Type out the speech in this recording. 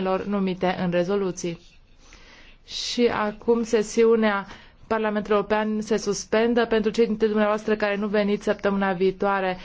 mecanismelor numite în rezoluții. Și acum sesiunea Parlamentului European se suspendă pentru cei dintre dumneavoastră care nu veniți săptămâna viitoare